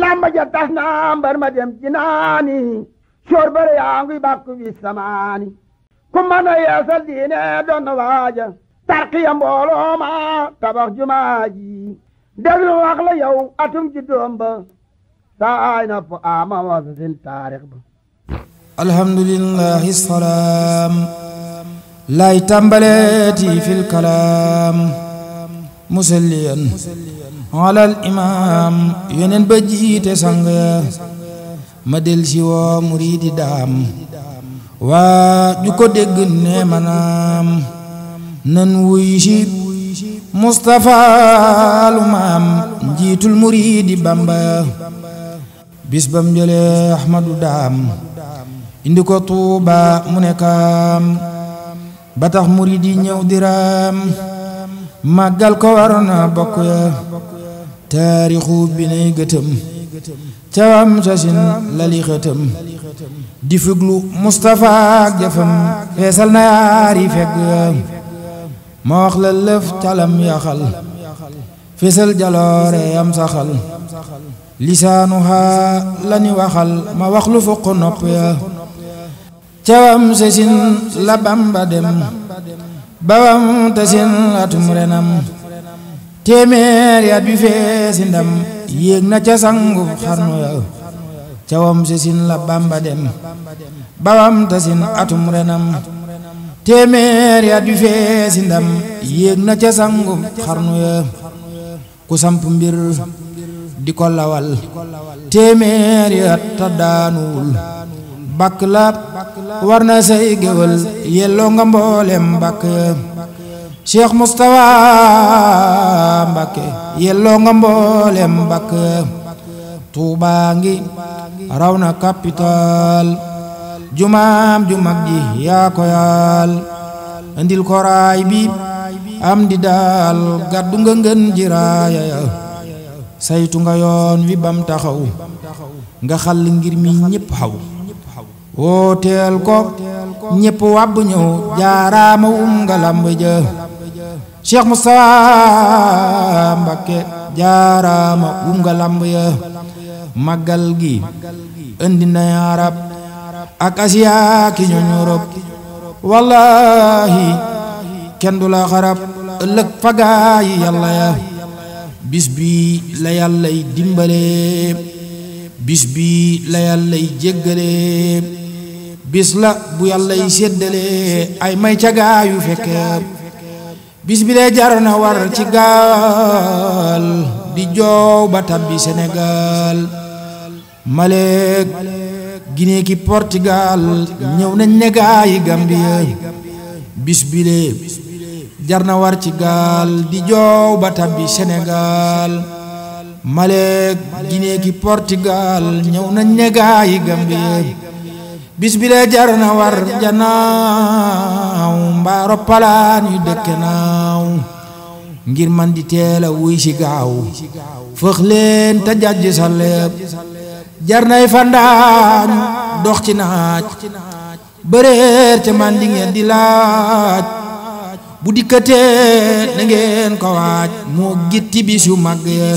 lamba ja tas na mbar dem ci soor bare yaa ngi bàkku bi samaani ku mën yeesal diine doon waaja tarqiya mbooloo ma tabax jumaa ji déglu wax la yow atum ci doom na fu aama wasa sin taarix ba alhamdulillahi salaam lay tàmbaleeti fil kalaam musalliyan alal imaam yeneen ba jiite sang ma del si woo muriidi daam waa ju ko dégg ne manaam nan wuy si Mustapha lu njiitul muriidi Bamba bis bam jële Ahmadu daam indi ko Tuuba mu ne kaam ba tax muriidi ñëw màggal ko waroon naa bokk ya taarixu bi nay gëtëm cawam sasin lali xëtëm di fuglu Moustapha ak jëfam feesal na yaari fegg ya ma wax la lëf calam yaxal fésal jaloore yam saxal lisaanuhaa la ni waxal ma wax lu fuq nopp ya cawam sasin la Bamba dem babam tasin atum renam téeméer yat bi na ca sangu xarnu ya la bamba dem babam tasin atum renam téeméer yat bi na ca sangu ku samp di ko lawal téeméer yat bakk la war na say géwël yelloo nga mboolem mbakk cheikh moustapha mbakke yelloo nga mboolem mbakk tuubaa ngi raw na capital jumaam ju mag ji yaa ko yaal andil ko raay bi am di daal gàddu nga ngën ji raaya saytu nga yoon wi bam taxaw nga xàll ngir mi ñépp xaw wooteel ko ñépp wàbb ñëw jaaraama um nga lamb ja Cheikh Moustapha Mbacké jaaraama um nga lamb ya màggal gi indi na arab ak asiya ki ñooñ Europe kenn du la xarab ëllëg fagaa yàlla ya bis bi la yàllay dimbale bis bi la yàllay jéggale bis la bu yàlla yi séddalee ay may ca gaayu bis bi dee jar na war ci gaal di joow ba tabbi Sénégal Maleek Guinée ki Portugal ñëw na ne gaayi Gambia bis bi jar na war ci gaal di joow ba bi Sénégal Maleek Guinée ki Portugal ñëw nañ ne gaayi bis bi lee jar na war janaaw mbaaro palaan yu dëkk naaw ngir man di teel a wuy si gaaw fëx leen te jàjj jar nay fandaan dox ci naaj bëreer ca man di ngeen di laaj bu dikkatee na ko waaj moo gitti bis yu mag ya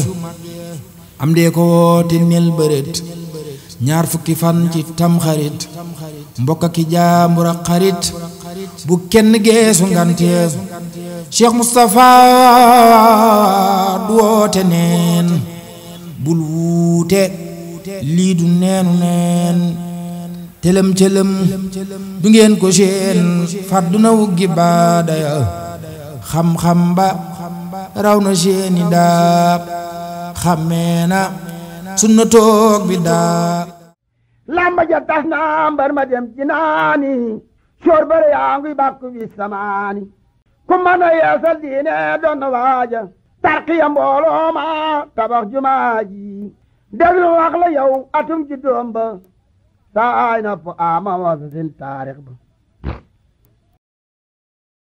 am dee ko woote nel bërët ñaar fukki fan ci tamxarit mbokk ki jaambur xarit bu kenn geesu ngantees Cheikh Moustapha du woote neen bul wuute lii du neenu neen cëlëm cëlëm du ngeen ko seen fàdduna wuggi baadaya xam-xam ba raw na seeni daab xàmmee na sunna bi daab lamba ja tas na ma dem ci soor bare yaa ngi bàkku wi samaani ku mën a yeesal diine doon na waaja tarqiya mbooloo ma tabax yow atum ji doom ba saa ay na fu ama wasasin taarix ba